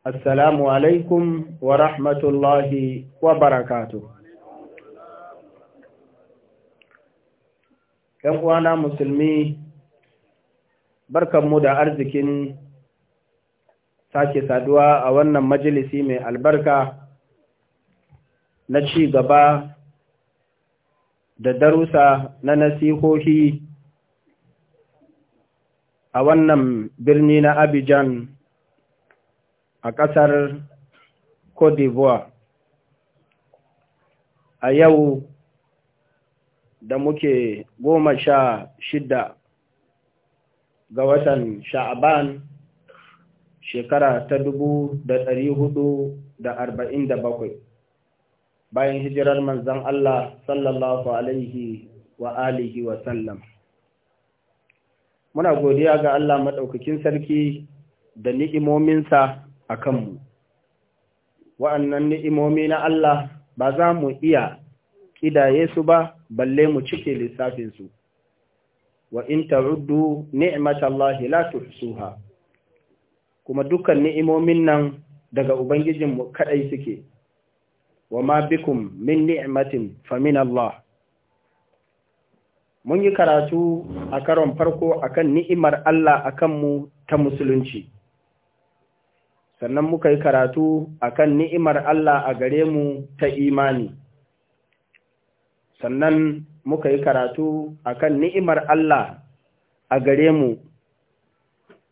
Assalamu alaikum wa rahmatullahi wa barakatu. ‘Yan uwana musulmi, barkanmu da arzikin sake saduwa a wannan majalisi mai albarka na ci gaba da darusa na nasihohi a wannan birni na Abidjan a ƙasar Cote d'Ivoire. A yau da muke goma sha shida ga watan sha'aban shekara ta dubu da ɗari hudu da arba'in da bakwai bayan hijirar manzan Allah sallallahu alaihi wa alihi wa sallam muna godiya ga Allah maɗaukakin sarki da ni'imominsa a kanmu wa'annan ni'imomi na Allah ba za mu iya ƙidaye su ba balle mu cike lissafinsu wa in ta'uddu ni'matallahi la tuhsuha kuma dukkan ni'imomin nan daga ubangijinmu kaɗai suke wa ma bikum min ni'imatin fa Allah mun yi karatu a karon farko akan ni'imar Allah a kanmu ta musulunci sannan muka yi karatu akan ni'imar Allah a gare mu ta imani sannan muka yi karatu akan ni'imar Allah a gare mu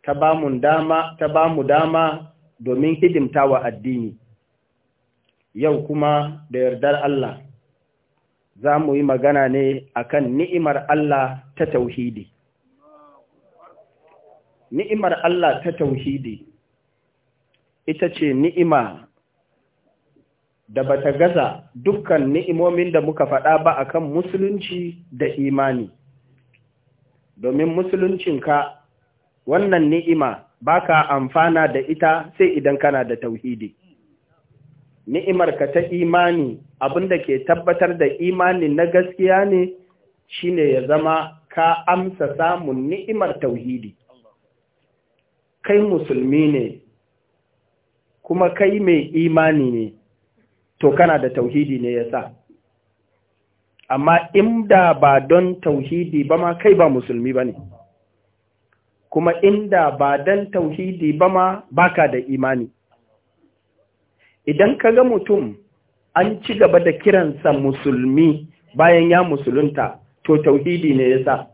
ta ba mu dama ta hidimta wa domin hidimtawa addini yau kuma da yardar Allah za mu yi magana ne akan ni'imar Allah ta tauhidi. Ni'imar Allah ta tauhidi ita ce ni'ima da bata gaza dukkan ni'imomin da muka faɗa ba akan musulunci da imani domin musuluncinka wannan ni'ima ba ka amfana da ita sai idan kana da tauhidi ni'imarka ta imani da ke tabbatar da imani na gaskiya ne shine ya zama ka amsa samun ni'imar tauhidi kai musulmi ne kuma kai mai imani ne to kana da tauhidi ne yasa amma inda ba don tauhidi ba ma kai ba musulmi ba ne kuma inda ba don tauhidi ba ma baka da imani idan ka ga mutum an ci gaba da kiransa musulmi bayan ya musulunta to tauhidi ne yasa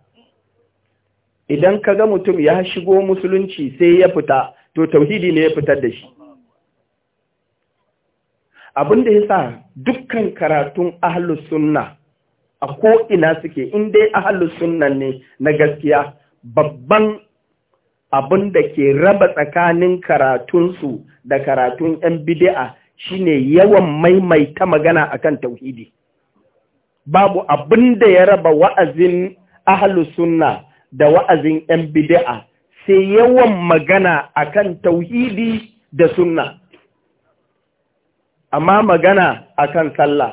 idan ka ga mutum ya shigo musulunci sai ya fita to tauhidi ne ya fitar da shi abin da sa dukkan karatun ahlus sunna a ko'ina suke in dai ahlus sunna ne na gaskiya babban abin da ke raba tsakanin karatunsu da karatun 'yan bidi'a shine yawan maimaita magana akan tauhidi babu abin da ya raba wa'azin ahlus sunna da wa'azin 'yan bidi'a sai yawan magana akan tauhidi da sunna amma magana akan sallah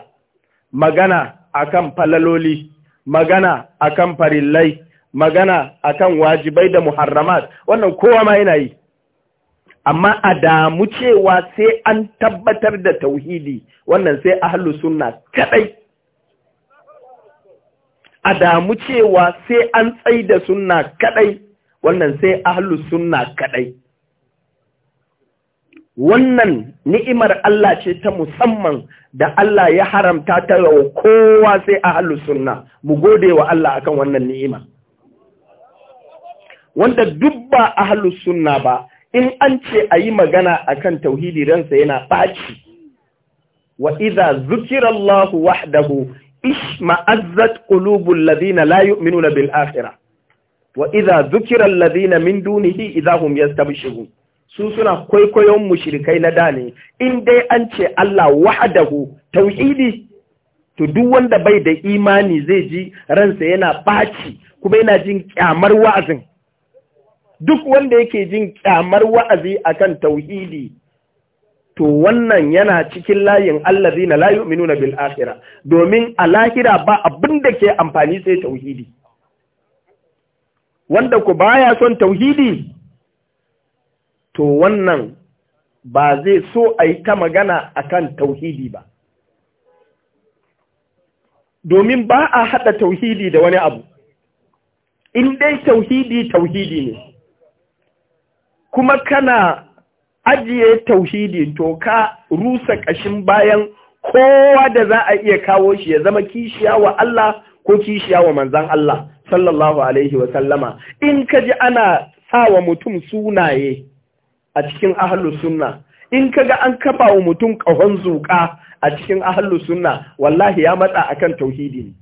magana akan falaloli magana akan farillai magana akan wajibai da muharramat wannan kowa ma yana yi amma a damu cewa sai an tabbatar da tauhidi wannan sai ahlus sunna kadai a damu cewa sai an tsaida sunna kadai wannan sai ahlus sunna kadai wannan ni'imar Allah ce ta musamman da Allah ya haramta ta rawa kowa sai a halin mu gode wa Allah akan wannan ni'ima wanda duk ba a halin sunna ba in an ce a yi magana akan tauhidi ransa yana ɓaci wa iza zukirallahu wahdahu ishma'azzat qulubul ladina la yu'minuna bil akhira. wa iza zukira alladhina min dunihi idza hum su suna kwaikwayon mushrikai na da ne in dai an ce Allah wahadahu tauhidi to duk wanda bai da imani zai ji ransa yana baci kuma yana jin kyamar wa'azin duk wanda yake jin kyamar wa'azi akan tauhidi to wannan yana cikin layin allazina la yu'minuna bil akhirah domin a lahira ba abin da ke amfani sai tauhidi wanda ku baya son tauhidi to wannan ba zai so a yi ta magana akan tauhidi ba domin ba a haɗa tauhidi da wani abu in dai tauhidi tauhidi ne kuma kana ajiye tauhidi to ka rusa ƙashin bayan kowa da za a iya kawo shi ya zama kishiya wa Allah ko kishiya wa manzan Allah sallallahu alaihi wasallama in ka ji ana sawa mutum sunaye a cikin ahalus sunna in kaga an kafa wa mutum ƙahon zuƙa a cikin ahalus sunna wallahi ya matsa akan tauhidi ne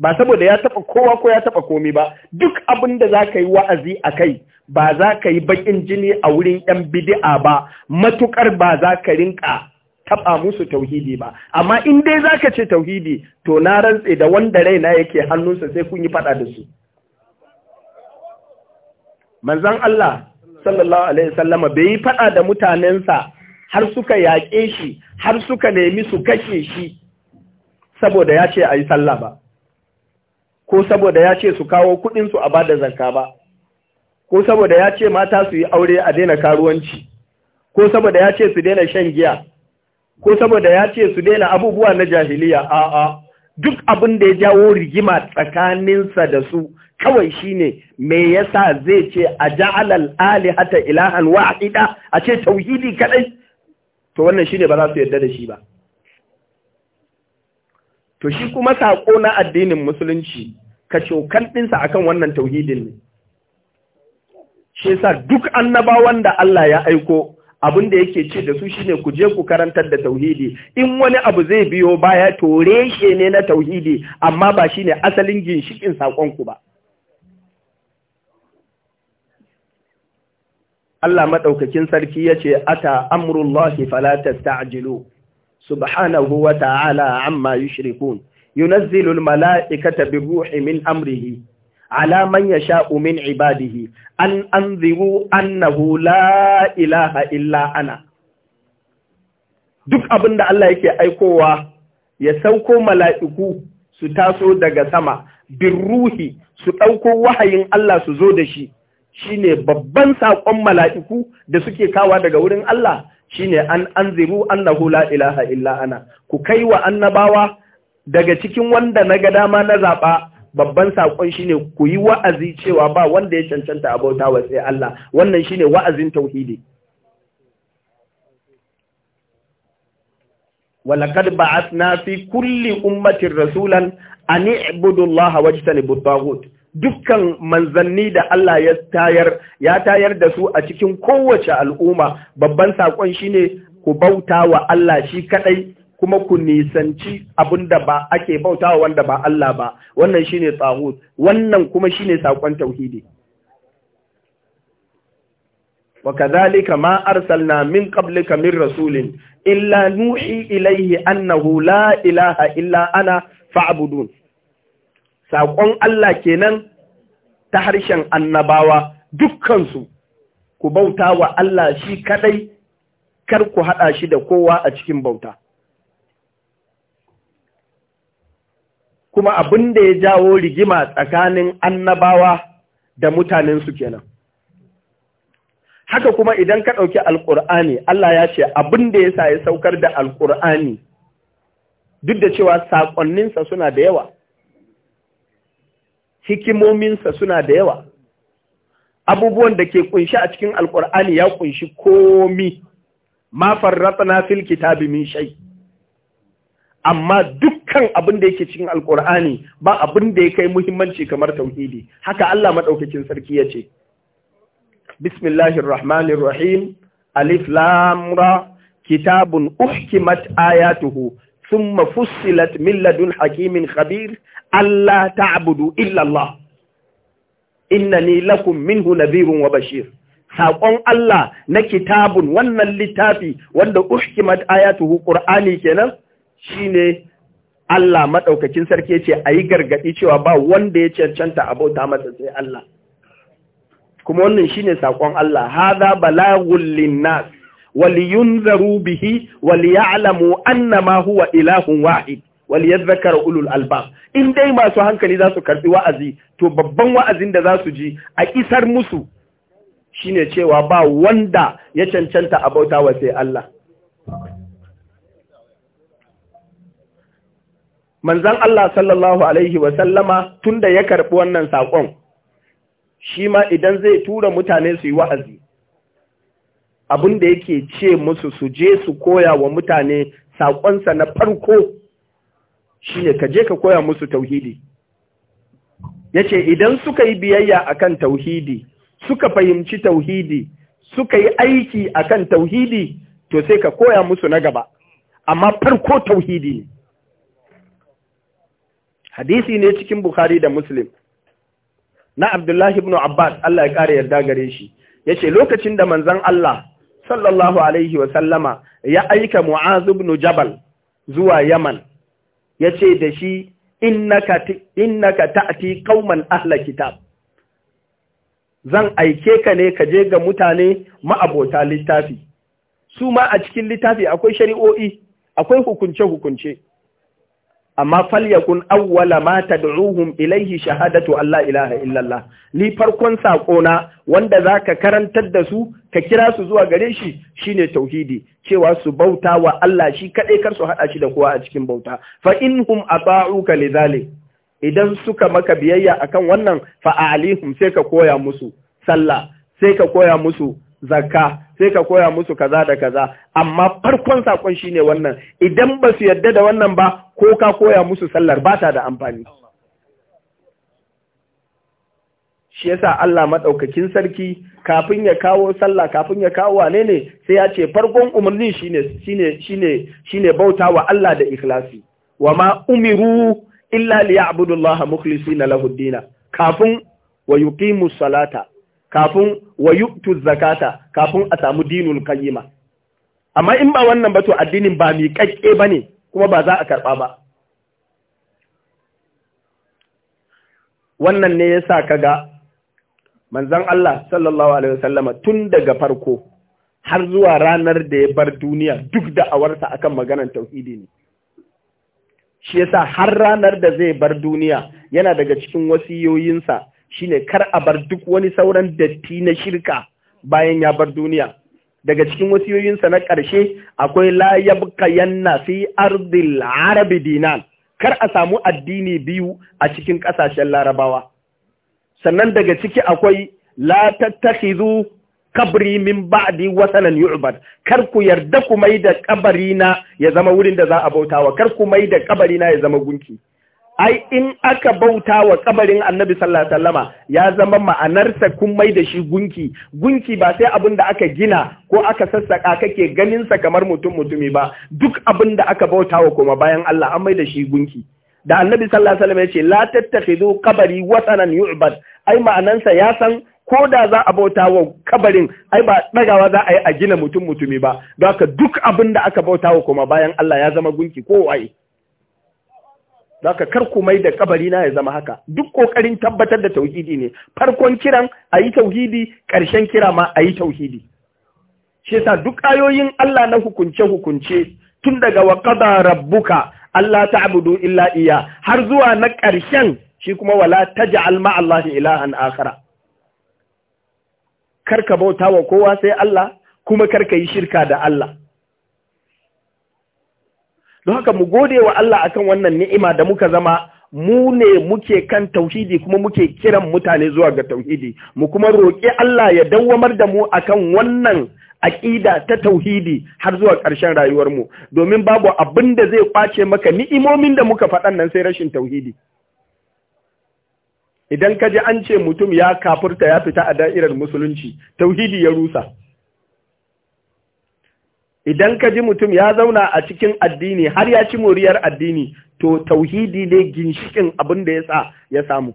ba saboda ya taba kowa ko ya taɓa komi ba duk abin da za ka yi wa'azi a kai ba za ka yi baƙin jini a wurin yan bidi'a ba matuƙar ba za ka rinka taɓa musu tauhidi ba amma in dai za ka ce tauhidi to na rantse da wanda raina yake hannunsa sai kun yi faɗa da su manzan Allah sallallahu alaihi wasallama bai yi fada da mutanensa har suka yaƙe shi har suka nemi su kashe shi saboda ya ce a yi sallah ba ko saboda ya ce su kawo kuɗinsu a bada zarka ba ko saboda ya ce mata su yi aure a daina karuwanci ko saboda ya ce su daina shan giya ko saboda ya ce su daina abubuwa na jahiliya a'a duk abin da ya jawo rigima tsakaninsa da su kawai shine me yasa zai ce a ja'alal alihata ilahan wahida a ce tauhidi kadai to wannan shine ba za su yarda da shi ba to shi kuma sako na addinin musulunci ka cokan ɗinsa akan wannan tauhidin ne shi yasa duk annabawan da Allah ya aiko abin da yake ce da su shine ku je ku karantar da tauhidi in wani abu zai biyo baya to reshe ne na tauhidi amma ba shine asalin ginshikin sakon ku ba Allah madaukakin sarki yace ata amrullahi fala tasta'jilu subhanahu wa ta'ala amma yushrikun yunazzilu almala'ikata biruhi min amrihi ala man yasha'u min ibadihi an anziru annahu la ilaha illa ana duk abinda Allah yake aikowa ya sauko mala'iku su taso daga sama bin ruhi su dauko wahayin Allah su zo da shi shine babban saƙon mala'iku da suke kawa daga wurin Allah shine an anziru annahu la ilaha illa ana ku kai wa annabawa daga cikin wanda na ga dama na zaɓa babban saƙon shine ku yi wa'azi cewa ba wanda ya cancanta a bauta wa sai Allah wannan shine wa'azin tauhidi walaqad ba'athna fi kulli ummatin rasulan an i'budu Allah wajtanibu at dukkan manzanni da Allah ya tayar ya tayar da su a cikin kowace al'umma babban saƙon shine ku bauta wa Allah shi kadai kuma ku nisanci abin da ba ake bautawa wanda ba Allah ba wannan shi ne wannan kuma shi ne saƙon tauhidi wa kadhalika ma arsalna min qablika min rasulin illa nuhi ilaihi annahu la ilaha illa ana fa'budun Saƙon Allah kenan ta harshen annabawa dukkansu ku bauta wa Allah shi kadai kar ku haɗa shi da kowa a cikin bauta kuma abin da ya jawo rigima tsakanin annabawa da mutanensu kenan haka kuma idan ka ɗauki alƙur'ani Allah ya ce abin da ya ya saukar da alƙur'ani duk da cewa saƙonninsa suna da yawa hikimominsa suna da yawa abubuwan da ke kunshi a cikin alƙur'ani ya kunshi komi ma farratna fil kitabi min shay amma duk kan abin da yake cikin alkur'ani ba abin da ya kai muhimmanci kamar tauhidi haka Allah madaukakin sarki ya ce bismillahir rahim alif lam ra kitabun uhkimat ayatuhu thumma fussilat min ladun hakimin khabir alla ta'budu illa Allah innani lakum minhu nadhirun wa bashir saƙon Allah na kitabun wannan littafi wanda uhkimat ayatuhu qur'ani kenan shine Allah maɗaukacin sarki ya ce a yi gargaɗi cewa ba wanda ya cancanta abauta masa sai Allah. Kuma wannan shi ne saƙon Allah, haza wali yun zaru bihi, waliya'lamu ma huwa ilahun wahid, zakar ulul alba In dai masu hankali za su karɓi wa'azi, to babban wa'azin da za su ji a isar musu shi ne cewa ba wanda ya cancanta abauta wa sai Allah. manzan Allah sallallahu Alaihi wasallama tun da ya karɓi wannan saƙon, shi ma idan zai tura mutane su yi wa'azi, abin da yake ce musu su je su koya wa mutane saƙonsa na farko shi ne ka je ka koya musu tauhidi. Ya ce, idan suka yi biyayya akan tauhidi, suka fahimci tauhidi, suka yi aiki akan tauhidi, to sai ka koya musu na gaba, amma farko tauhidi ne. hadisi ne cikin bukhari da muslim na abdullahi ibn abbas Allah ya kare yarda gare shi yace lokacin da manzon Allah sallallahu alaihi wa sallama ya aika mu'az ibn jabal zuwa yaman yace da shi innaka innaka ta'ti qauman ahla kitab zan aike ka ne ka je ga mutane ma'abota littafi su ma a cikin littafi akwai shari'o'i akwai hukunce hukunce amma falyakun awwala ma tad'uhum ilaihi shahadatu Allah ilaha illallah ni farkon sako na wanda zaka karantar da su ka kira su zuwa gare shi shine tauhidi cewa su bauta wa Allah shi kadai kar su hada shi da kowa a cikin bauta fa inhum ata'uka lidhalik idan suka maka biyayya akan wannan fa alihum sai ka koya musu sallah sai ka koya musu zakka sai ka koya musu kaza da kaza amma farkon sakon shine wannan idan ba su yadda da wannan ba ko ka koya musu sallar ba ta da amfani shi yasa Allah madaukakin sarki kafin ya kawo sallah kafin ya kawo wane ne sai ya ce farkon umarni shine shine shine shine bautawa Allah da ikhlasi wama umiru illa liya'budu Allah mukhlisina lahu ad kafin wa yuqimu salata kafin wa yuktu zakata kafin a samu dinul kayyima amma in ba wannan ba to addinin ba mai kakke bane kuma ba za a karɓa ba wannan ne yasa kaga manzon Allah sallallahu alaihi wasallama tun daga farko har zuwa ranar da ya bar duniya duk da awarsa akan maganar tauhidi ne shi yasa har ranar da zai bar duniya yana daga cikin wasiyoyinsa shine kar a bar duk wani sauran datti na shirka bayan ya bar duniya daga cikin wasiyoyinsa na ƙarshe akwai la yabqa yanna fi ardil arabi dinan kar a samu addini biyu a cikin ƙasashen larabawa sannan daga ciki akwai la tattakhidhu kabri min ba'di wasanan yu'bad kar ku yarda ku mai da kabari ya zama wurin da za a bautawa kar ku mai da kabari na ya zama gunki ai in aka bauta wa kabarin annabi sallallahu alaihi wasallama ya zama ma'anarsa kun mai da shi gunki gunki ba sai abin da aka gina ko aka sassaka kake ganin sa kamar mutum mutumi ba duk abin da aka bauta wa kuma bayan Allah an mai da shi gunki da annabi sallallahu alaihi wasallam ya ce la tattakhidhu qabri watanan yu'bad ai ma'anarsa ya san ko da za a bauta wa kabarin ai ba dagawa za a yi a gina mutum mutumi ba don haka duk abin da aka bauta wa kuma bayan Allah ya zama gunki ko wai Zaka kar ku mai da kabari na ya zama haka duk kokarin tabbatar da tauhidi ne farkon kiran ayi tauhidi ƙarshen kira ma a tauhidi shi yasa duk ayoyin Allah na hukunce hukunce tun daga wa qada rabbuka Allah ta'budu illa iya har zuwa na ƙarshen shi kuma wala taj'al ma Allah ilahan akhara ka bauta wa kowa sai Allah kuma karka yi shirka da Allah don haka mu gode wa Allah akan wannan ni'ima da muka zama mu ne muke kan tauhidi kuma muke kiran mutane zuwa ga tauhidi mu kuma roƙi Allah ya dawwamar da mu akan wannan aƙida ta tauhidi har zuwa ƙarshen rayuwarmu domin babu abin da zai kwace maka ni'imomin da muka faɗan nan sai rashin tauhidi idan ka ji an ce mutum ya kafurta ya fita a da'irar musulunci tauhidi ya rusa idan ka ji mutum ya zauna a cikin addini har ya ci moriyar addini to tauhidi ne ginshikin abin da ya sa ya samu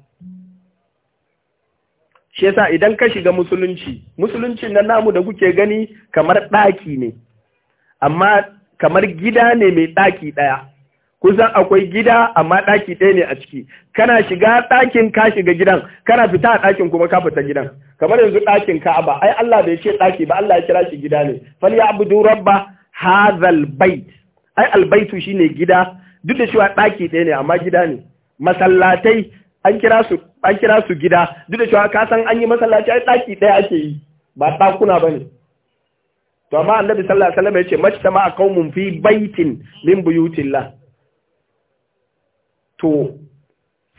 shi yasa idan ka shiga musulunci musulunci na namu da kuke gani kamar ɗaki ne amma kamar gida ne mai ɗaki ɗaya kusan akwai gida amma ɗaki ɗaya ne a ciki kana shiga ɗakin ka shiga gidan kana fita a ɗakin kuma ka fita gidan kamar yanzu ɗakin ka ba, ai Allah bai ce ɗaki ba Allah ya kira shi gida ne fal ya abudu rabba hadhal bait ai albaitu shine gida duk da cewa ɗaki ɗaya ne amma gida ne masallatai an kira su an kira su gida duk da cewa ka san an yi masallaci ai ɗaki ɗaya ake yi ba ɗakuna bane to amma annabi sallallahu alaihi wasallam ya ce majtama'a qaumun fi baitin min buyutillah to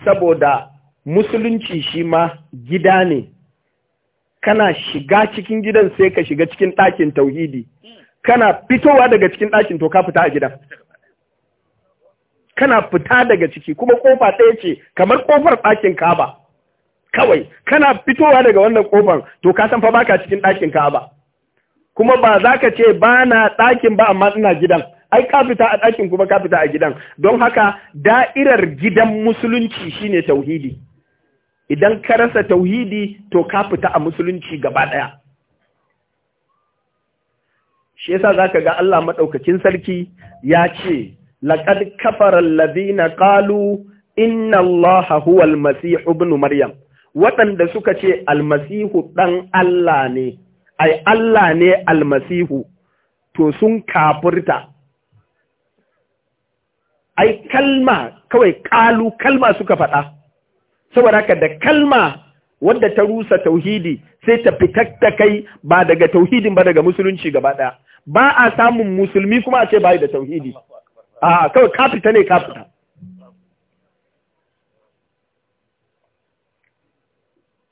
saboda musulunci shi ma gida ne kana shiga cikin gidan sai ka shiga cikin ɗakin tauhidi kana fitowa daga cikin ɗakin to ka fita a gidan kana fita daga ciki kuma kofa ɗaya ce kamar kofar ɗakin kaba kawai kana fitowa daga wannan kofar to ka san fa baka cikin ɗakin kaba kuma ba za ka ce ba na ɗakin ba amma ina gidan ai ka fita a ɗakin kuma ka fita a gidan don haka da'irar gidan musulunci shine tauhidi idan ka rasa tauhidi to ka fita a musulunci gaba ɗaya shi yasa zaka ga Allah madaukakin sarki ya ce laqad kafara alladhina qalu inna allaha huwa almasih ibn maryam waɗanda suka ce almasihu ɗan Allah ne ai Allah ne almasihu to sun kafurta ai kalma kawai ƙalu kalma suka faɗa saboda haka da kalma wadda ta rusa tauhidi sai ta fitar da kai ba daga tauhidin ba daga musulunci gaba ɗaya ba a samun musulmi kuma a ce bai da tauhidi a kawai kafita ne kafita.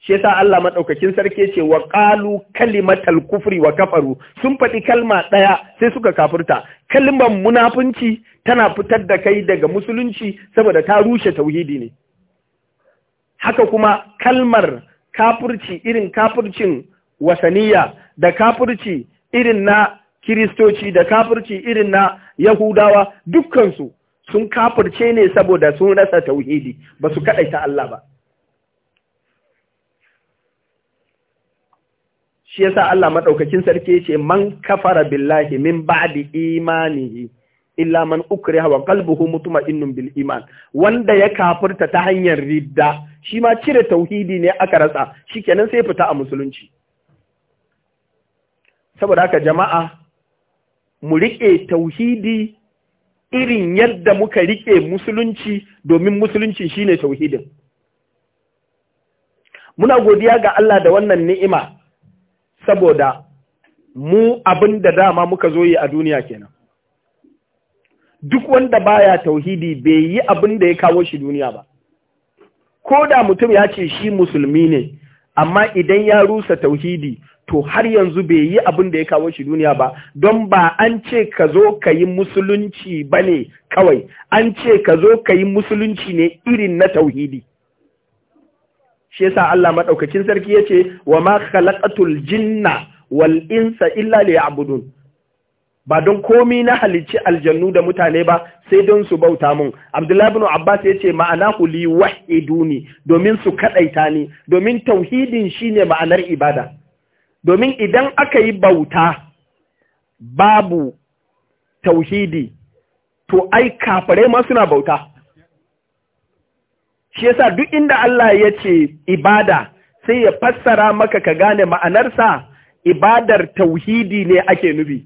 shi yasa Allah maɗaukakin sarki ce wa qalu kalimatal kufri wa kafaru sun faɗi kalma ɗaya sai suka kafurta. kalmar munafunci tana fitar da kai daga musulunci saboda ta rushe tauhidi ne haka kuma kalmar kafurci irin kafurcin wasaniya da kafurci irin na kiristoci da kafurci irin na yahudawa dukkansu sun kafurce ne saboda sun rasa tauhidi ba su kaɗaita Allah ba shi yasa Allah madaukakin sarki ce man kafara billahi min ba'di imanihi illa man ukriha wa qalbuhu mutma'innun bil iman wanda ya kafirta ta hanyar ridda shi ma cire tauhidi ne aka rasa shikenan sai fita a musulunci saboda haka jama'a mu rike tauhidi irin yadda muka rike musulunci domin musulunci shine tauhidin muna godiya ga Allah da wannan ni'ima saboda mu abin da dama muka zo yi a duniya kenan duk wanda baya tauhidi bai yi abin da ya kawo shi duniya ba ko da mutum ya ce shi musulmi ne amma idan ya rusa tauhidi to har yanzu bai yi abin da ya kawo shi duniya ba don ba an ce ka zo ka yi musulunci ba ne kawai an ce ka zo ka yi musulunci ne irin na tauhidi shi yasa Allah madaukakin sarki yace wa ma khalaqatul jinna wal insa illa liya'budun ba don komi na halicci aljannu da mutane ba sai don su bauta mun Abdullahi ibn Abbas yace ma'ana li wahiduni domin su kadaita ni domin tauhidin shine ma'anar ibada domin idan aka yi bauta babu tauhidi to ai kafare ma suna bauta shi yasa duk inda Allah ya ce ibada sai ya fassara maka ka gane ma'anarsa ibadar tauhidi ne ake nubi.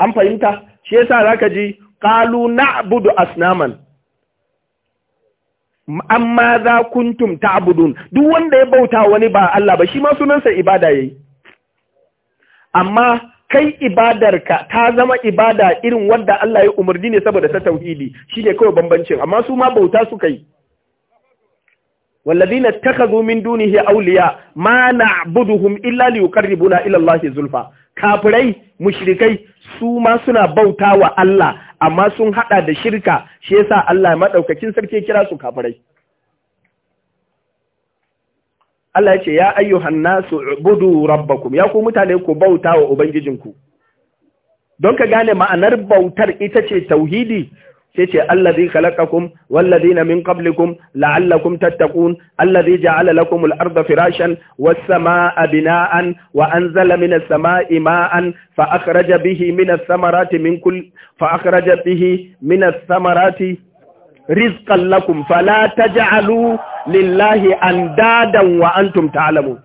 an fahimta shi yasa zaka ji qalu na'budu asnaman amma za kuntum ta'budun duk wanda ya bauta wani ba Allah ba shi ma sunansa ibada yayi amma kai ibadarka ta zama ibada irin wanda Allah ya umarni ne saboda ta tauhidi shi ne kawai bambancin amma su ma bauta suka yi والذين اتخذوا من دونه ma ما illa إلا ليقربونا ila الله zulfa. Kafirai, mushrikai, su ma suna bauta wa Allah amma sun hada da shirka shi yasa Allah madaukakin sarki kira su kafirai Allah ya ce ya ayyuhan nasu ubudu rabbakum ya ku mutane ku bauta wa ubangijinku don ka gane ma'anar bautar ita ce tauhidi sai ce allazi khalaqakum wallazina min qablikum la'allakum tattaqun allazi ja'ala lakum al-ardha firashan was sama'a bina'an wa anzala minas samaa'i ma'an fa akhraja bihi minas samarati min kull fa akhraja bihi minas samarati rizqan lakum fala taj'alu lillahi andadan wa antum ta'lamun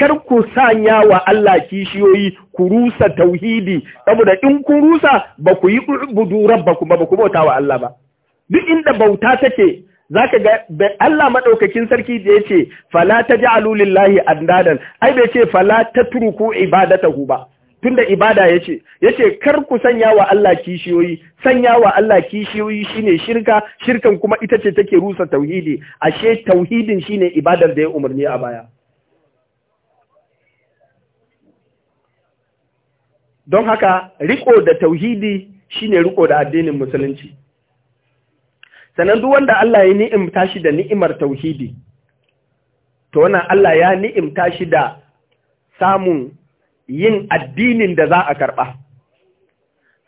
kar ku sanya wa Allah kishiyoyi ku rusa tauhidi saboda in ku rusa ba ku yi budu rabbakum ba ku bauta wa Allah ba duk inda bauta take zaka ga Allah madaukakin sarki da yace fala taj'alu lillahi andadan ai bai ce fala tatruku ibadatahu ba tunda ibada ya ya ce kar ku sanya wa Allah kishiyoyi sanya wa Allah kishiyoyi shine shirka shirkan kuma ita ce take rusa tauhidi ashe tauhidin shine ibadar da ya umarni a baya don haka riko da tauhidi shine riko da addinin musulunci sannan duk wanda Allah ya ni'im tashi da ni'imar tauhidi to wannan Allah ya ni'imta shi da samun yin addinin da za a karɓa.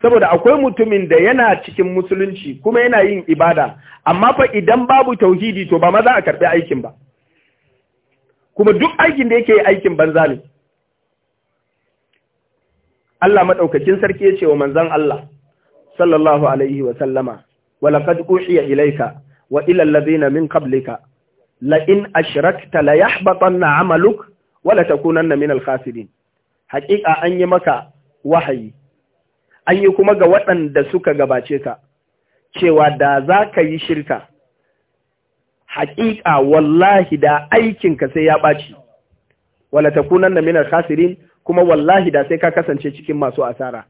Saboda akwai mutumin da yana cikin musulunci kuma yana yin ibada, amma fa idan babu tauhidi to ba ma za a karɓi aikin ba. Kuma duk aikin da yake yi aikin banza ne. Allah maɗaukakin sarki ya ce wa manzan Allah, sallallahu Alaihi wasallama, walaƙad ƙushiya ilaika wa na min qablika la'in ashrakta la na amaluk wala na min khasirin haƙiƙa an yi maka wahayi an yi kuma ga waɗanda suka gabace ka cewa da za ka yi shirka haƙiƙa wallahi da aikinka sai ya ɓaci wala ta kunan na minar khasirin kuma wallahi da sai ka kasance cikin masu asara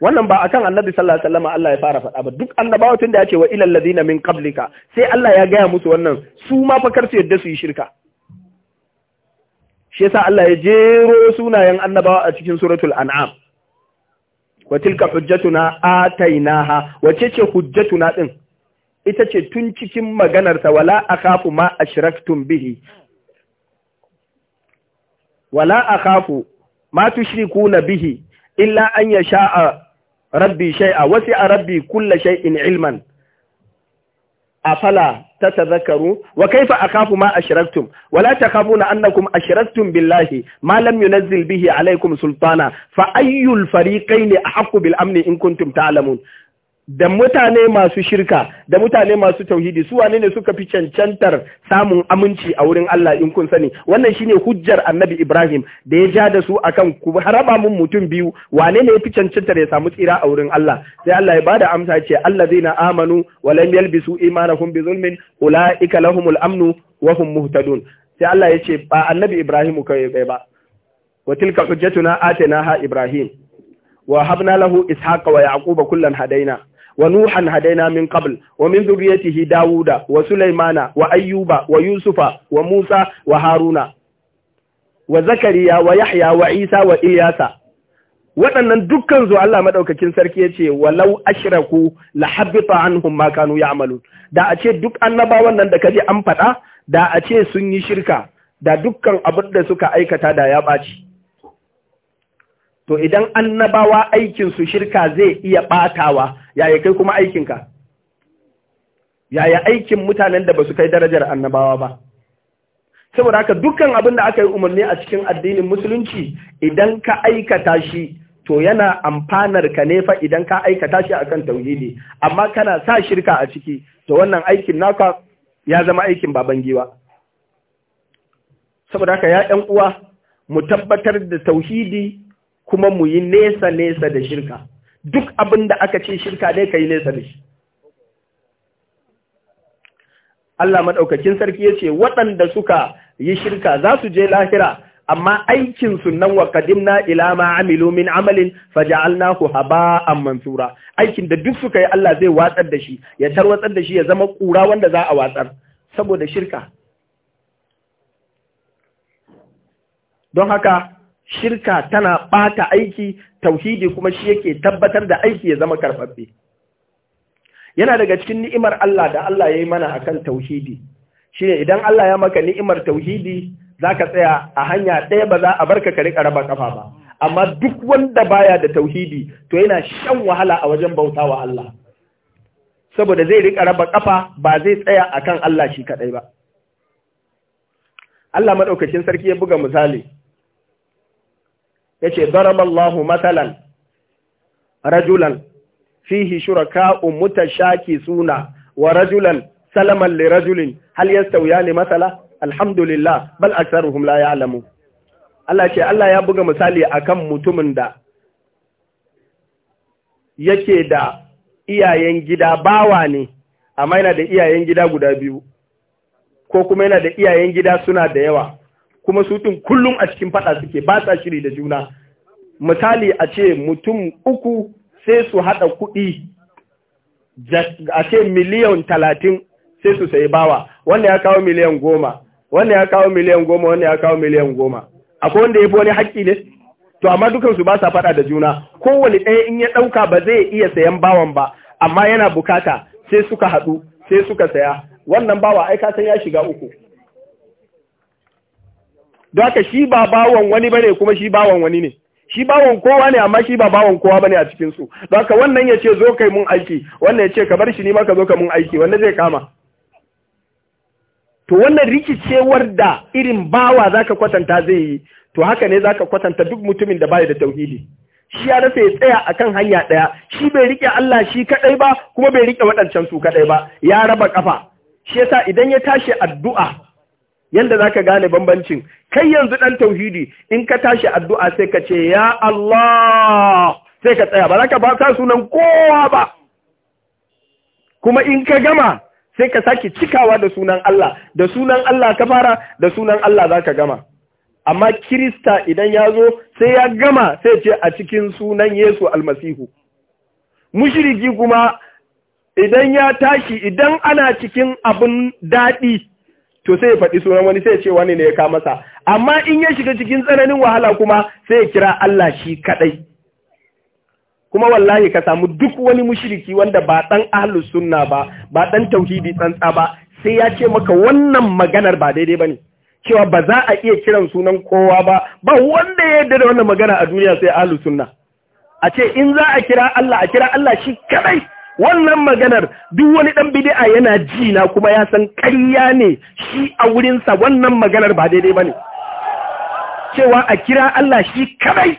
wannan ba akan annabi sallallahu alaihi wasallam Allah ya fara faɗa ba duk annabawa tun da ya ce wa ilal ladina min qablika sai Allah ya gaya musu wannan su ma fa kar su yadda su yi shirka shi yasa Allah ya jero sunayen annabawa a cikin suratul an'am wa tilka hujjatuna atainaha wace ce hujjatuna din ita ce tun cikin maganar ta wala akhafu ma ashraktum bihi wala akhafu ma tushrikuna bihi illa an yasha'a rabbi shay'a wasi'a rabbi kulla shay'in ilman afala تتذكروا وكيف أخاف ما أشركتم ولا تخافون أنكم أشركتم بالله ما لم ينزل به عليكم سلطانا فأي الفريقين أحق بالأمن إن كنتم تعلمون da mutane masu shirka da mutane masu tauhidi su wane ne suka fi cancantar samun aminci a wurin Allah in kun sani wannan shine hujjar annabi Ibrahim da ya ja da su akan ku haraba mun mutum biyu wane ne ya fi cancantar ya samu tsira a wurin Allah sai Allah ya bada amsa ya ce na amanu wa lam yalbisu imanahum bi zulmin ulaika lahumul amnu wa hum muhtadun sai Allah ya ce ba annabi Ibrahim kai ba wa tilka hujjatuna atainaha Ibrahim wa habna lahu ishaqa wa yaquba kullan hadaina wa nuhan hadaina min qabl wa min dhurriyyatihi dawuda wa sulaymana wa ayyuba wa yusufa wa musa wa haruna wa zakariya wa yahya wa isa wa ilyasa waɗannan dukkan zuwa Allah maɗaukakin sarki ya ce walau ashraku la habita anhum ma kanu ya'malun da a ce duk annabawan nan da kaje an faɗa da a ce sun yi shirka da dukkan abin da suka aikata da ya ɓaci to idan annabawa aikinsu shirka zai iya ɓatawa yaya kai kuma aikinka yaya aikin mutanen da ba su kai darajar annabawa ba saboda haka dukkan abin da aka yi umarni a cikin addinin musulunci idan ka aikata shi to yana amfanar ka nefa idan ka aikata shi akan tauhidi amma kana sa shirka a ciki to wannan aikin naka ya zama aikin baban giwa saboda haka ya 'yan uwa mu tabbatar da tauhidi kuma mu yi nesa nesa da shirka duk abin da aka ce shirka dai ka yi nesa da shi Allah maɗaukakin sarki ya ce waɗanda suka yi shirka za su je lahira amma aikin sunan wa kadimna ila ma amilu min amalin faja'alnahu haba'an mansura aikin da duk suka yi Allah zai watsar da shi ya tarwatsar da shi ya zama kura wanda za a watsar saboda shirka don haka shirka tana ɓata aiki tauhidi kuma shi yake tabbatar da aiki ya zama karɓaɓɓe yana daga cikin ni'imar Allah da Allah ya yi mana akan tauhidi shi ne idan Allah ya maka ni'imar tauhidi za ka tsaya a hanya ɗaya ba za a barka ka riƙa raba ƙafa ba amma duk wanda baya da tauhidi to yana shan wahala a wajen bauta wa Allah saboda zai riƙa raba ƙafa ba zai tsaya akan Allah shi kaɗai ba Allah maɗaukacin sarki ya buga misali yace daraballahu matalan rajulan fihi shuraka'u suna wa rajulan salaman li rajulin hal yastawiyani masala alhamdulillah bal aktharuhum la ya'lamu Allah ce Allah ya buga misali akan mutumin da yake da iyayen gida bawa ne amma yana da iyayen gida guda biyu ko kuma yana da iyayen gida suna da yawa kuma su ɗin kullum a cikin faɗa suke ba sa shiri da juna misali a ce mutum uku sai su haɗa kuɗi a ce miliyan talatin sai su sayi bawa wanda ya kawo miliyan goma wanda ya kawo miliyan goma wanda ya kawo miliyan goma akwai wanda ya fi wani haƙƙi ne to amma dukansu ba sa faɗa da juna kowane ɗaya in ya ɗauka ba zai iya sayan bawan ba amma yana bukata sai suka haɗu sai suka saya wannan bawa ai ka san ya shiga uku don haka shi ba bawan wani bane kuma shi bawan wani ne shi bawon kowa ne amma shi ba bawon kowa bane a cikinsu. su don wannan ya ce zo kai mun aiki wannan ya ce ka bar shi ne maka zo ka mun aiki Wannan zai kama to wannan rikicewar da irin bawa za ka kwatanta zai yi to haka ne za ka kwatanta duk mutumin da bai da tauhidi shi ya rasa ya tsaya a kan hanya ɗaya. shi bai rike Allah shi kaɗai ba kuma bai rike waɗancan su kaɗai ba ya raba ƙafa. shi yasa idan ya tashi addu'a yanda ka gane bambancin kai yanzu ɗan tauhidi in ka tashi addu'a sai ka ce ya Allah sai ka tsaya ba za ka ba ta sunan kowa ba kuma in ka gama sai ka sake cikawa da sunan Allah da sunan Allah ka fara da sunan Allah za ka gama amma kirista idan ya zo sai ya gama sai ce a cikin sunan Yesu almasihu mushiriki kuma idan ya tashi idan ana cikin abin daɗi to sai ya faɗi sunan wani sai ya ce wani ne ya kama sa amma in ya shiga cikin tsananin wahala kuma sai ya kira Allah shi kaɗai. kuma wallahi ka samu duk wani mushiriki wanda ba ɗan ahlus sunna ba ba ɗan tauhidi tsantsa ba sai ya ce maka wannan maganar ba daidai ba cewa ba za a iya kiran sunan kowa ba ba wanda ya yarda da wannan magana a duniya sai ahlus sunna a ce in za a kira Allah a kira Allah shi kaɗai. wannan maganar duk wani ɗan bidi'a yana ji na kuma ya san ƙarya ne shi a wurinsa wannan maganar ba daidai ba ne cewa a kira Allah shi kadai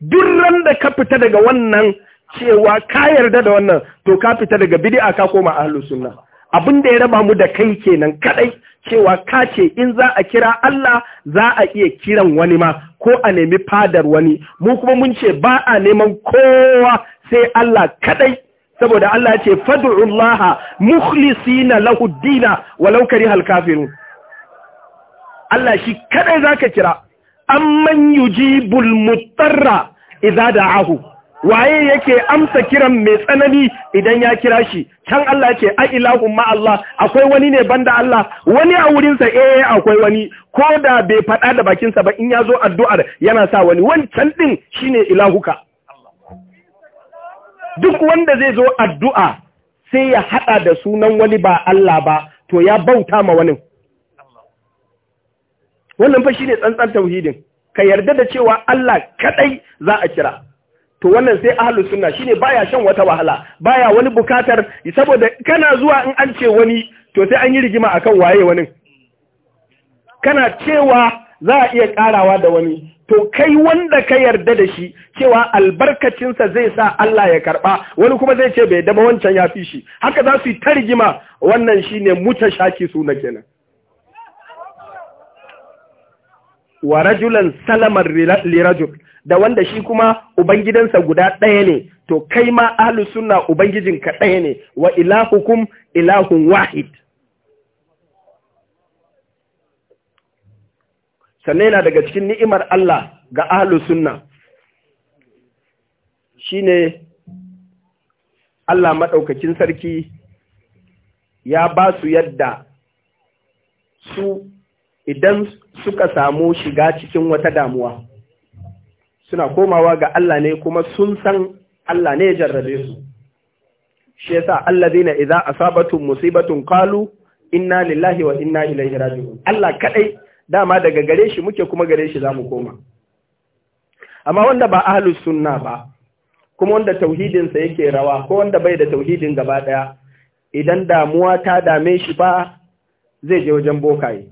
duk ran da ka fita daga wannan cewa ka yarda da wannan to ka fita daga bidi'a ka koma ahlus sunna abin da ya raba mu da kai kenan kadai cewa ka ce in za a kira Allah za a iya kiran wani ma ko a nemi fadar wani mu kuma mun ce ba a neman kowa sai Allah kadai saboda Allah ce fad'ullaha mukhlisina lahu dina walau karihal kafirun Allah shi kadai zaka kira amman yujibul mutarra idza da'ahu waye yake amsa kiran mai tsanani idan ya kira shi can Allah ce a ilahu ma Allah akwai wani ne banda Allah wani a wurinsa eh akwai wani ko da bai faɗa da bakinsa ba in ya zo addu'ar yana sa wani wancan ɗin shine ilahuka duk wanda zai zo addu'a sai ya haɗa da sunan wani ba Allah ba to ya bauta ma wani wannan fa ne tsantsan tauhidin ka yarda da cewa Allah kaɗai za a kira to wannan sai suna shi ne baya shan wata wahala baya wani bukatar saboda kana zuwa in an ce wani to sai an yi rigima akan waye wani kana cewa za a iya ƙarawa da wani to kai wanda ka yarda da shi cewa albarkacinsa zai sa Allah ya karɓa, wani kuma zai ce bai dama wancan ya fi shi haka za su yi targima. Wannan shi ne muta shaki suna kenan wa rajulan salamar lirajul da wanda shi kuma ubangidansa guda ɗaya ne to kai ma ahlu sunna ubangijinka ɗaya ne wa ilahukum ilahun wahid sannan yana daga cikin ni'imar Allah ga ahlus sunna ne Allah maɗaukacin sarki ya ba su yadda su idan suka samu shiga cikin wata damuwa suna komawa ga Allah ne kuma sun san Allah ne ya jarrabe su shi ya sa yasa na iza asabatun musibatun kalu inna lillahi wa inna ilaihi raji'un Allah kadai dama daga gare shi muke kuma gare shi za mu koma amma wanda ba ahalus sunna ba kuma wanda tauhidinsa yake rawa ko wanda bai da tauhidin gaba ɗaya idan damuwa ta dame shi ba zai je wajen bokaye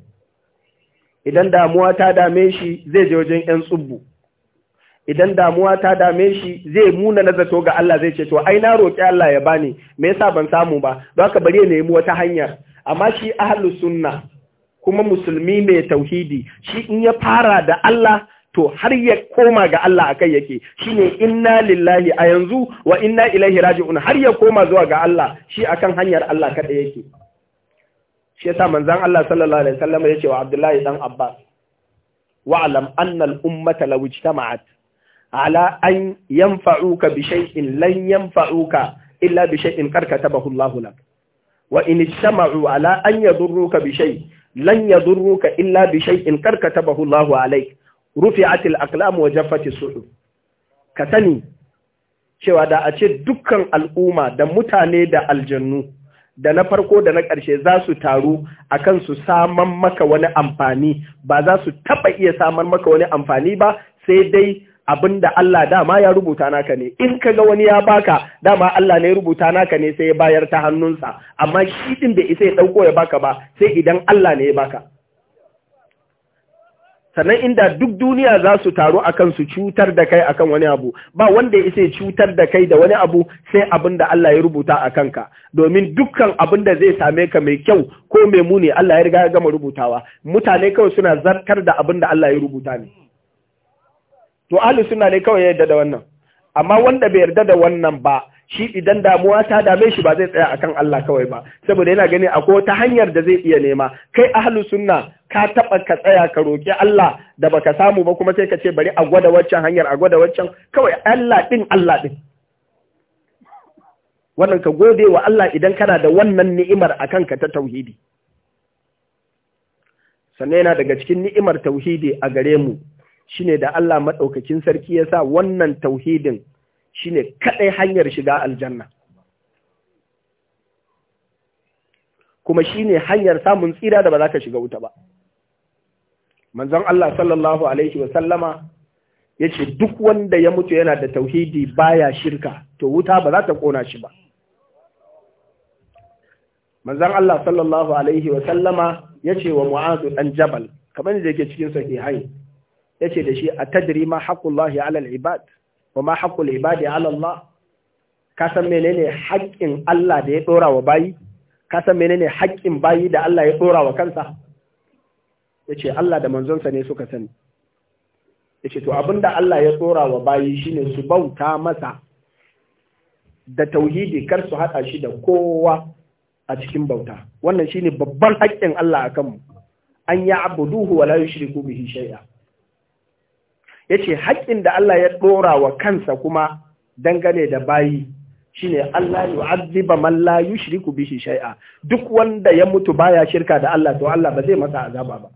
idan damuwa ta dame shi zai je wajen ‘yan tsubbu idan damuwa ta dame shi zai muna na zato ga Allah zai ce to ai na roƙi Allah ya bani me yasa ban samu ba don haka bari ya nemi wata hanyar amma shi ahlus sunna kuma musulmi mai tauhidi shi in ya fara da Allah to har ya koma ga Allah akai yake shine inna lillahi a yanzu wa inna ilaihi raji'un har ya koma zuwa ga Allah shi akan hanyar Allah kada yake shi yasa manzon Allah sallallahu alaihi wasallam yace wa Abdullahi dan Abbas wa'lam anna al-ummata law ijtama'at ala an yanfa'uka bi shay'in lan yanfa'uka illa bi shay'in karkatabahu Allah lak wa in ijtama'u ala an yadurruka bi shay'in lan yadurruka illa bi shay'in kar katabahu Allahu alayk rufi'at al-aqlam wa jaffat as-suhuf ka sani cewa da a ce dukkan al'umma da mutane da aljannu da na farko da na ƙarshe za su taru a kan su saman maka wani amfani ba za su taɓa iya samar maka wani amfani ba sai dai abinda Allah dama ya rubuta naka ne in ka ga wani ya baka dama Allah ne ya rubuta naka ne sai ya bayar ta hannunsa amma shi din bai isa ya dauko ya baka ba sai idan Allah ne ya baka sannan inda duk duniya za su taru akan su cutar da kai akan wani abu ba wanda ya isa ya cutar da kai da wani abu sai abin da Allah ya rubuta a kanka domin dukkan abin da zai same ka mai kyau ko mai muni Allah ya riga ya gama rubutawa mutane kawai suna zartar da abin da Allah ya rubuta ne to ahli sunna ne kawai ya yarda da wannan amma wanda bai yarda da wannan ba shi idan damuwa ta dame shi ba zai tsaya akan Allah kawai ba saboda yana gani akwai wata hanyar da zai iya nema kai ahlu sunna ka taba ka tsaya ka roki Allah da baka samu ba kuma sai ka ce bari a gwada waccan hanyar a gwada waccan kawai Allah din Allah din wannan ka gode wa Allah idan kana da wannan ni'imar akan ka ta tauhidi sannan yana daga cikin ni'imar tauhidi a gare mu shine da Allah maɗaukakin sarki ya sa wannan tauhidin shine kaɗai hanyar shiga aljanna kuma shine hanyar samun tsira da ba za ka shiga wuta ba manzon Allah sallallahu alaihi wa sallama ce duk wanda ya mutu yana da tauhidi baya shirka to wuta ba za ta ƙona shi ba manzon Allah sallallahu alaihi wa sallama ce wa mu'azu ɗan Jabal kamar da yake cikin sahihai yace da shi atadri ma haqqullahi ala al-ibad wa ma haqqul ibadi ala Allah ka san menene haƙƙin Allah da ya dora wa bayi ka san menene haƙƙin bayi da Allah ya dora wa kansa yace Allah da manzonsa ne suka sani yace to abinda Allah ya dora wa bayi shine su bauta masa da tauhidi kar su hada shi da kowa a cikin bauta wannan shine babban haƙƙin Allah akan mu an ya abuduhu wa la yushriku bihi shay'a Ya ce haƙƙin da Allah ya ɗora wa kansa kuma dangane da bayi shine Allah yu'azziba man mallayu shiriku bishi shai'a. duk wanda ya mutu baya shirka da Allah to Allah ba zai masa azaba ba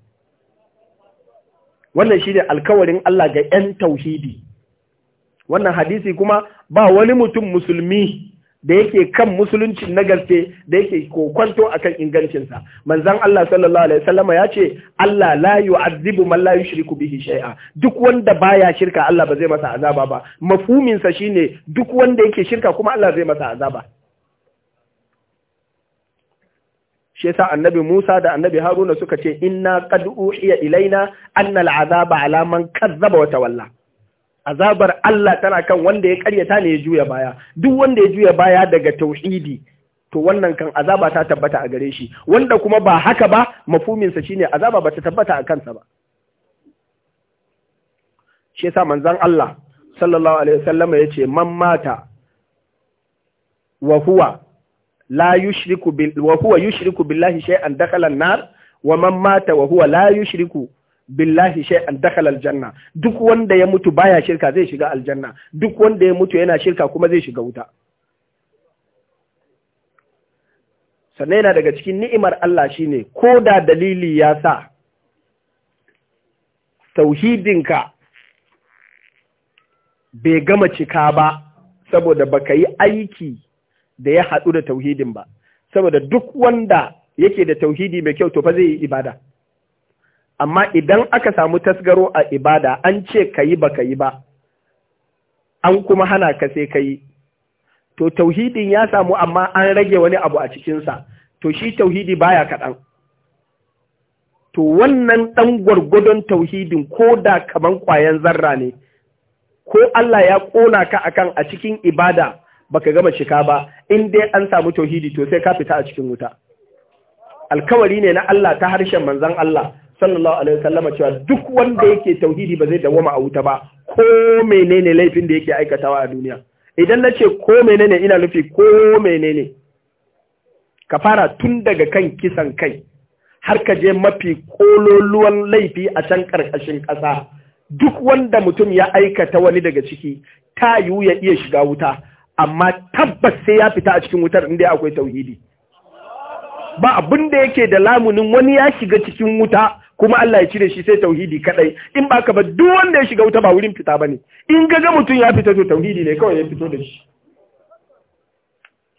wannan shine alkawarin Allah ga 'yan tauhidi wannan hadisi kuma ba wani mutum musulmi da yake kan musulunci na gaske da yake kokwanto akan ingancinsa manzon Allah sallallahu alaihi wasallama ya ce Allah la yu'azzibu man la yushriku bihi shay'a duk wanda baya shirka Allah ba zai masa azaba ba Mafuminsa sa shine duk wanda yake shirka kuma Allah zai masa azaba shi yasa annabi Musa da annabi Haruna suka ce inna qad uhiya ilaina anna al'azaba ala man kazzaba wa tawalla azabar Allah tana kan wanda ya karyata ne ya juya baya duk wanda ya juya baya daga tauhidi to wannan kan azaba ta tabbata a gare shi wanda kuma ba haka ba mafuminsa shine azaba ba ta tabbata a kansa ba shi yasa manzon Allah sallallahu alaihi wasallama yace man mata wa huwa la yushriku bil wa huwa yushriku billahi shay'an dakhala an-nar wa man mata wa huwa la yushriku billahi an dakhala aljanna duk wanda ya mutu baya shirka zai shiga aljanna duk wanda ya mutu yana shirka kuma zai shiga wuta sannan yana daga cikin ni'imar Allah shi ne ko da dalili ya sa tauhidinka bai gama cika ba saboda baka yi aiki da ya haɗu da tauhidin ba saboda duk wanda yake da tauhidi mai kyau to fa zai yi ibada amma idan aka samu tasgaro a ibada an ce ka yi ba ka yi ba an kuma hana ka sai ka yi to tauhidin ya samu amma an rage wani abu a cikinsa to shi tauhidi baya kaɗan to wannan ɗan gwargwadon tauhidin ko da kaman ƙwayan zarra ne ko Allah ya ƙona ka akan a cikin ibada baka gama cika ba in dai an samu tauhidi to sai ka fita a cikin wuta alkawari ne na Allah ta harshen manzan Allah sallallahu alaihi wasallam cewa duk wanda yake tauhidi ba zai dawoma a wuta ba ko menene laifin da yake aikatawa a duniya idan na ce ko menene ina nufi ko menene ka fara tun daga kan kisan kai har ka je mafi kololuwan laifi a can karkashin ƙasa duk wanda mutum ya aikata wani daga ciki ta yiwu ya iya shiga wuta amma tabbas sai ya fita a cikin wutar inda akwai tauhidi ba abinda yake da lamunin wani ya shiga cikin wuta kuma Allah ya cire shi sai tauhidi kadai in ba ka ba duk wanda ya shiga wuta ba wurin fita bane in ga ga mutum ya fita to tauhidi ne kawai ya fito da shi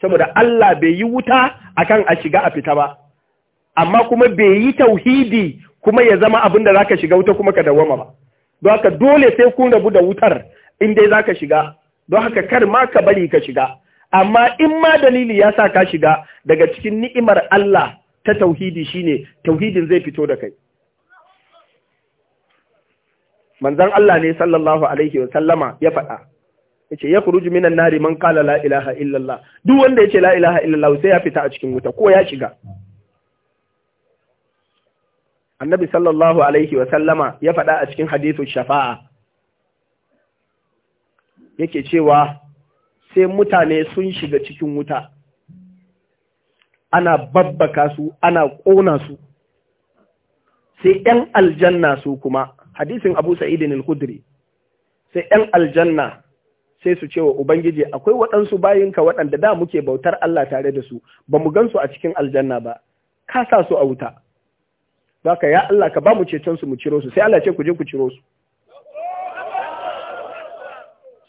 saboda Allah bai yi wuta akan a shiga a fita ba amma kuma bai yi tauhidi kuma ya zama abin da zaka shiga wuta kuma ka dawwama ba don haka dole sai kun rabu da wutar in dai zaka shiga don haka kar ma ka bari ka shiga amma in ma dalili ya sa ka shiga daga cikin ni'imar Allah ta tauhidi shine tauhidin zai fito da kai manzan Allah ne sallallahu alaihi wa sallama ya faɗa ce ya khuruju minan nari man kala la ilaha illallah duk wanda ya la ilaha illallah sai ya fita a cikin wuta ko ya shiga annabi sallallahu alaihi wa sallama ya faɗa a cikin hadithu shafa'a yake cewa sai mutane sun shiga cikin wuta ana babbaka su ana ƙona su sai ‘yan aljanna su kuma hadisin Abu Sa'id al-Khudri sai 'yan aljanna sai su ce wa Ubangiji akwai waɗansu bayinka waɗanda da muke bautar Allah tare da su ba mu gansu a cikin aljanna ba ka sa su a wuta ka ya Allah ka ba mu ceton su mu ciro su sai Allah ce ku je ku ciro su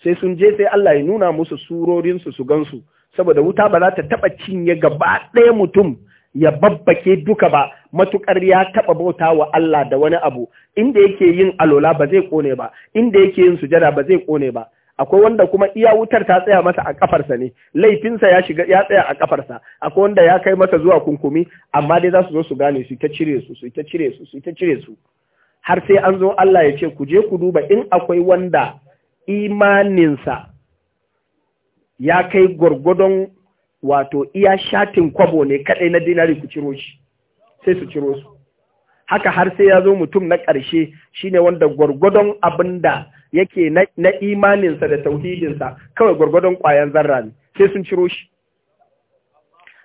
sai sun je sai Allah ya nuna musu surorin su su gansu saboda wuta ba za ta taba cinye gaba ɗaya mutum ya babbake duka ba matukar ya taɓa bauta wa Allah da wani abu inda yake yin alola ba zai kone ba inda yake yin sujada ba zai kone ba akwai wanda kuma iya wutar ta tsaya masa a kafarsa ne laifinsa ya shiga ya tsaya a kafarsa akwai wanda ya kai masa zuwa kunkumi amma dai za su zo su gane su ta cire su su ta cire su su ta cire su har sai an zo Allah ya ce ku je ku duba in akwai wanda imaninsa ya kai gwargwadon wato iya shatin kwabo ne kadai na dinari ku ciro shi sai su ciro su haka har sai ya zo mutum na ƙarshe shine wanda gwargwadon abin da yake na imaninsa da tauhidinsa kawai gwargwadon ƙwayan zarra ne sai sun ciro shi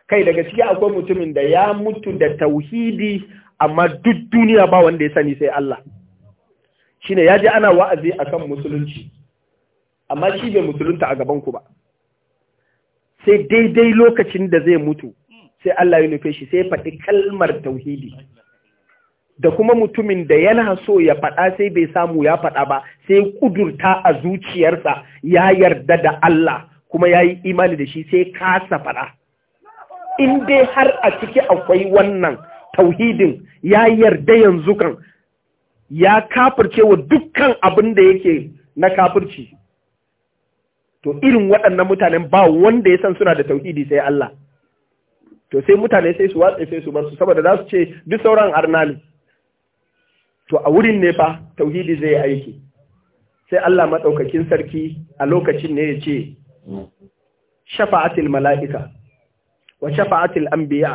kai daga ciki akwai mutumin da ya mutu da tauhidi amma duk duniya ba wanda ya sani sai Allah shine ya ji ana wa'azi a kan musulunci amma shi bai musulunta a gaban ku ba sai daidai lokacin da zai mutu sai Allah ya nufe shi sai ya faɗi kalmar tauhidi da kuma mutumin da yana so ya faɗa sai bai samu ya faɗa ba sai kudurta a zuciyarsa ya yarda da Allah kuma ya yi imani da shi sai kasa faɗa in dai har a ciki akwai wannan tauhidin ya yarda yanzu kan ya kafirce wa dukkan abin da yake na kafirci to irin waɗannan mutanen ba wanda ya san suna da tauhidi sai Allah to sai mutane sai su watsa sai su bar su saboda za su ce duk sauran arna to a wurin ne fa tauhidi zai yi aiki sai Allah madaukakin sarki a lokacin ne ya ce shafa'atil mala'ika wa shafa'atil anbiya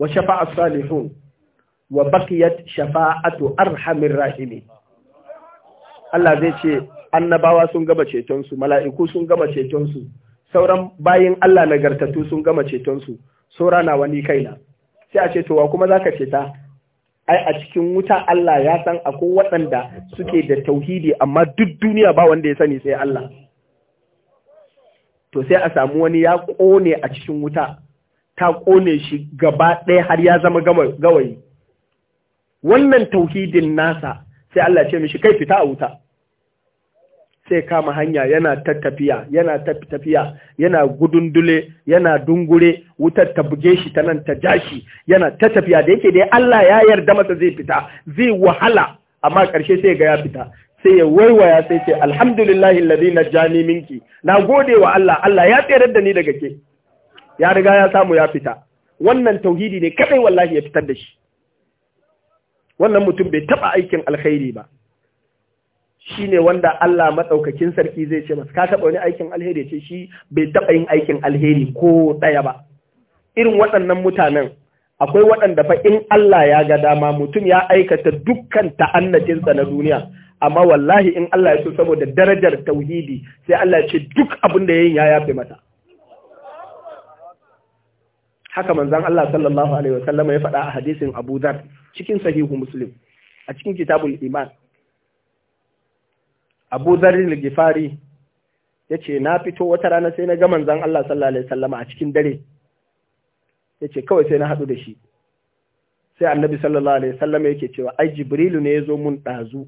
wa shafa'at salihun wa baqiyat shafa'atu arhamir rahimin Allah zai ce annabawa sun gama cetonsu, mala'iku sun gama cetonsu, sauran bayin Allah nagartatu sun gama cetonsu, sora na wani kaina sai a ce to wa kuma zaka ce ta ai a cikin wuta Allah ya san akwai waɗanda suke da tauhidi amma duk duniya ba wanda ya sani sai Allah to sai a samu wani ya kone a cikin wuta ta kone shi gaba ɗaya har ya zama gawayi wannan tauhidin nasa sai Allah ce mishi kai fita a wuta sai kama hanya yana ta tafiya yana tafiya yana gudundule yana dungure wutar ta buge shi ta nan ta jashi yana ta tafiya da yake dai Allah ya yarda masa zai fita zai wahala amma karshe sai ga ya fita sai ya waiwaya sai ce alhamdulillahi alladhi najani minki na gode wa Allah Allah ya tsere da ni daga ke ya riga ya samu ya fita wannan tauhidi ne kadai wallahi ya fitar da shi wannan mutum bai taba aikin alkhairi ba shi ne wanda Allah matsaukakin sarki zai ce masu ka taɓa wani aikin alheri ce shi bai taɓa yin aikin alheri ko ɗaya ba irin waɗannan mutanen akwai waɗanda fa in Allah ya ga dama mutum ya aikata dukkan ta'annacinsa na duniya amma wallahi in Allah ya so saboda darajar tauhidi sai Allah ya ce duk abin da yin ya yafe mata haka manzon Allah sallallahu alaihi Wasallama ya faɗa a hadisin Abu Dhar cikin sahihu Muslim a cikin kitabul iman abu zarri gifari ya ce na fito wata rana sai na ga manzan Allah sallallahu alaihi a cikin dare ya ce kawai sai na haɗu da shi sai annabi sallallahu alaihi sallama yake cewa ai jibrilu ne ya zo mun ɗazu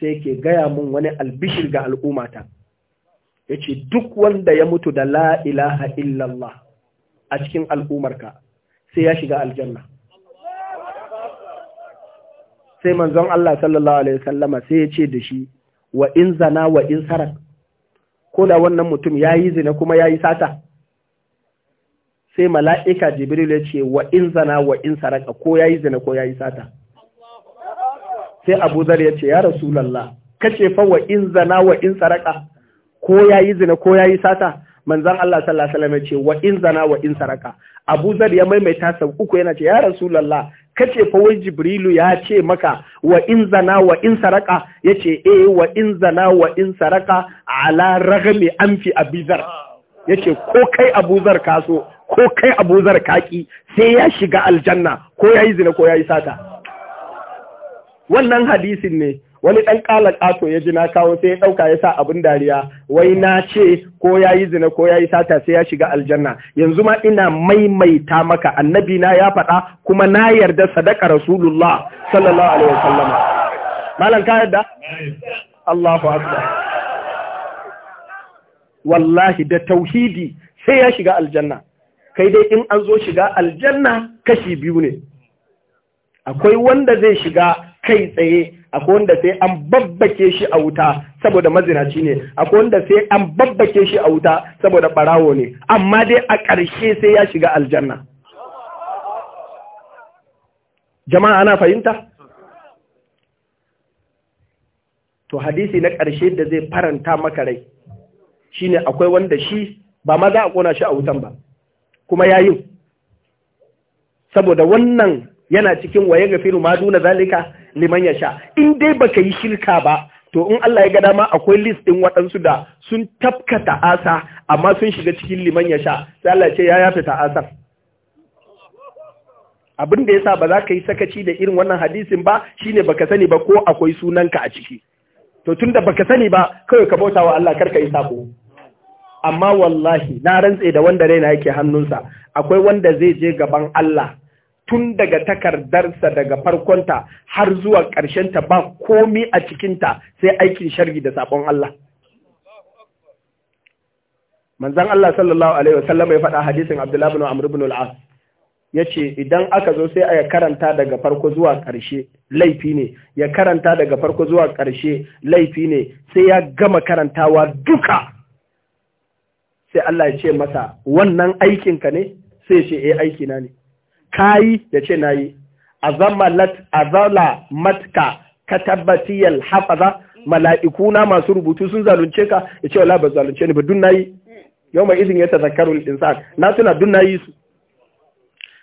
sai ke gaya mun wani albishir ga al'ummata ya ce duk wanda ya mutu da la'ilaha ilaha illallah a cikin al'ummarka sai ya shiga aljanna sai manzon Allah sallallahu alaihi sallama sai ya ce da shi wa in zana wa in sarak ko da wannan mutum ya yi zina kuma ya yi sata sai mala'ika jibril ya ce wa in zana wa in saraka ko ya yi zina ko ya yi sata sai abu zar ya ce ya rasulallah kace fa wa in zana wa in saraka ko ya yi zina ko ya yi sata manzan Allah sallallahu alaihi wasallam ce wa in zana wa in saraka Abu Zar ya maimaita sau uku yana ce ya lalla. kace fa wai jibrilu ya ce maka wa in zana wa in saraka yace eh wa in zana wa in saraka ala ragami anfi abizar yace ko kai abuzar ka so ko kai abuzar kaki sai ya shiga aljanna ko yayi zina ko yayi sata wannan hadisin ne wani ɗan ƙala ƙato ya ji na kawo sai ya ɗauka ya sa abin dariya wai na ce ko ya yi zina ko ya yi sata sai ya shiga aljanna yanzu ma ina maimaita maka annabi na ya faɗa kuma na yarda sadaka rasulullah sallallahu alaihi wasallam malam ka yarda Allahu akbar wallahi da tauhidi sai ya shiga aljanna kai dai in an zo shiga aljanna kashi biyu ne akwai wanda zai shiga kai tsaye akwai wanda sai an babbake shi a wuta saboda mazinaci ne akwai wanda sai an babbake shi a wuta saboda barawo ne amma dai a ƙarshe sai ya shiga aljanna jama'a ana fahimta to hadisi na ƙarshe da zai faranta maka rai shine akwai wanda shi ba ma za a kona shi a wutan ba kuma yayin saboda wannan yana cikin waye gafiru ma duna zalika liman ya sha, in dai baka yi shirka ba to in Allah ya ga dama akwai list din waɗansu da sun tafka ta'asa amma sun shiga cikin liman yasha sai Allah ce ya yafe ta'asar abin da yasa ba za ka yi sakaci da irin wannan hadisin ba shine baka sani ba ko akwai sunanka a ciki to tunda baka sani ba kawai ka bauta wa Allah ka yi sako amma wallahi na rantse da wanda raina yake hannunsa akwai wanda zai je gaban Allah tun daga takardarsa daga farkonta har zuwa ta ba komi a cikinta sai aikin shargi da saƙon Allah. Manzan Allah sallallahu Alaihi wasallam ya faɗa hadisin Abdullahi bin Amr bin Al'as ya ce idan aka zo sai a ya karanta daga farko zuwa ƙarshe laifi ne ya karanta daga farko zuwa ƙarshe laifi ne sai ya gama karantawa duka sai Allah ya ce masa wannan aikinka ne sai ya ce e aikina ne kayi ya ce nayi azala matka ka tabbatiyal hafaza mala'ikuna masu rubutu sun zalunce ka ya ce wala ba zalunce ni ba dun nayi yau mai izin ya tazakkaru insan na tuna dun nayi su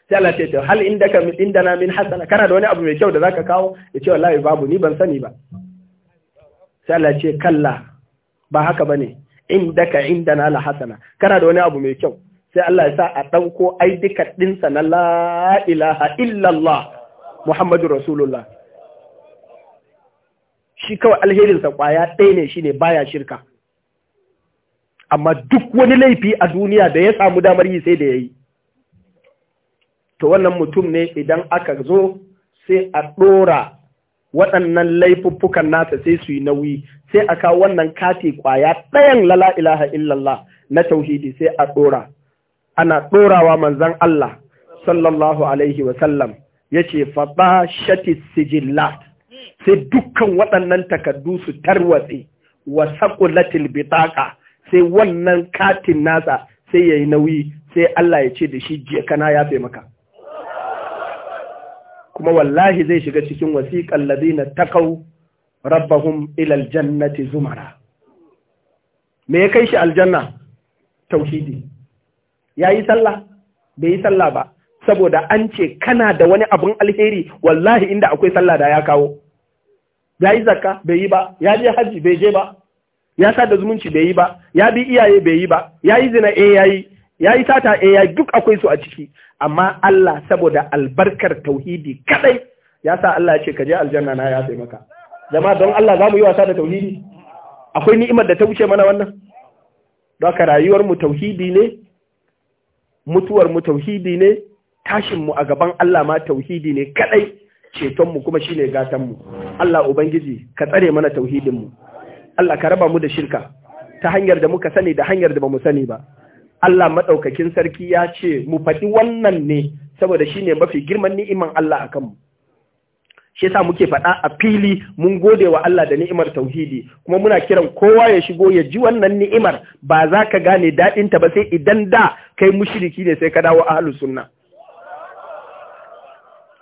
sai Allah ce to hal indaka min indana min hasana kana da wani abu mai kyau da zaka kawo ya ce wallahi babu ni ban sani ba sai Allah ce kalla ba haka bane indaka indana la hasana kana da wani abu mai kyau sai Allah ya sa a ɗauko ai duka ɗinsa na la ilaha illallah Muhammadu Rasulullah. Shi kawai alherinsa ƙwaya ɗaya ne shi ne baya shirka. Amma duk wani laifi a duniya da ya samu damar yi sai da ya yi. To wannan mutum ne idan aka zo sai a ɗora waɗannan laifuffukan nasa sai su yi nauyi sai a kawo wannan kati ƙwaya ɗayan la'ilaha ilaha illallah na tauhidi sai a ɗora ana ɗorawa manzan Allah sallallahu alaihi wasallam ya ce faɗa shati Sijilla. sai dukkan waɗannan takardu su tarwatsi wa latin bitaƙa. sai wannan katin nasa sai ya yi nauyi sai Allah ya ce da shi kana ya fe maka kuma wallahi zai shiga cikin wasiƙan ladina takau rabbahum ilal jannati zumara me ya kai shi aljanna tauhidi ya yi sallah bai yi sallah ba saboda an ce kana da wani abun alheri wallahi inda akwai sallah da ya kawo ya yi zakka bai yi ba ya je haji bai je ba ya sa da zumunci bai yi ba ya bi iyaye bai yi ba ya yi zina eh ya yi ya yi sata eh ya duk akwai su a ciki amma Allah saboda albarkar tauhidi kadai ya sa Allah ya ce ka je aljanna na ya taimaka jama'a don Allah za mu yi wasa da tauhidi akwai ni'imar da ta wuce mana wannan don haka rayuwar mu tauhidi ne mutuwar mu tauhidi ne tashin mu a gaban Allah ma tauhidi ne kadai ceton mu kuma shine gatan mu Allah ubangiji ka tsare mana tauhidin mu Allah ka raba mu da shirka ta hanyar da muka sani da hanyar da bamu sani ba Allah madaukakin sarki ya ce mu faɗi wannan ne saboda shine mafi girman ni'iman Allah akan mu shi yasa muke faɗa a fili mun gode wa Allah da ni'imar tauhidi kuma muna kiran kowa ya shigo ya ji wannan ni'imar ba za ka gane daɗin ta ba sai idan da kai mushriki ne sai ka dawo ahlus sunna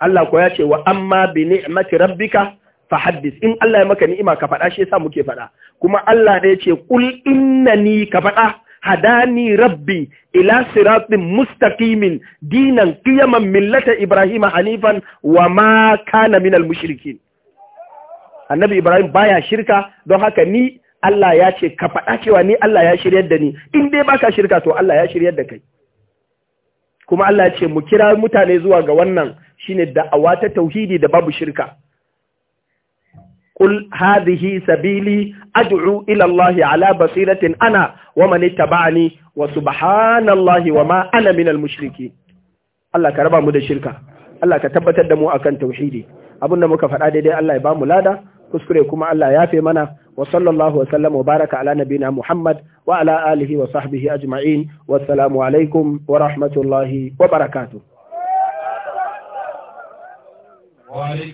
Allah ko ya ce wa amma bi ni'mati rabbika fahaddis in Allah ya maka ni'ima ka faɗa shi yasa muke faɗa kuma Allah ne ya ce qul innani ka faɗa hadani rabbi ila siratin mustaqimin dinan qiyaman millata ibrahim hanifan wa ma kana minal mushrikin annabi ibrahim baya shirka don haka ni Allah ya ce ka faɗa cewa ni Allah ya shiryar da ni in dai baka shirka to Allah ya shiryar da kai kuma Allah ya ce mu kira mutane zuwa ga wannan shine da'awa ta tauhidi da babu shirka قل هذه سبيلي أدعو إلى الله على بصيرة أنا ومن اتبعني وسبحان الله وما أنا من المشركين الله كربا مدى الشركة الله كتبت الدمو أكن توحيدي أبونا مكفر آدي الله يبام لادا kuskure kuma Allah yafe fi mana wa sallallahu wa baraka ala nabina Muhammad wa ala alihi wa sahbihi ajma'in wassalamu alaikum wa wa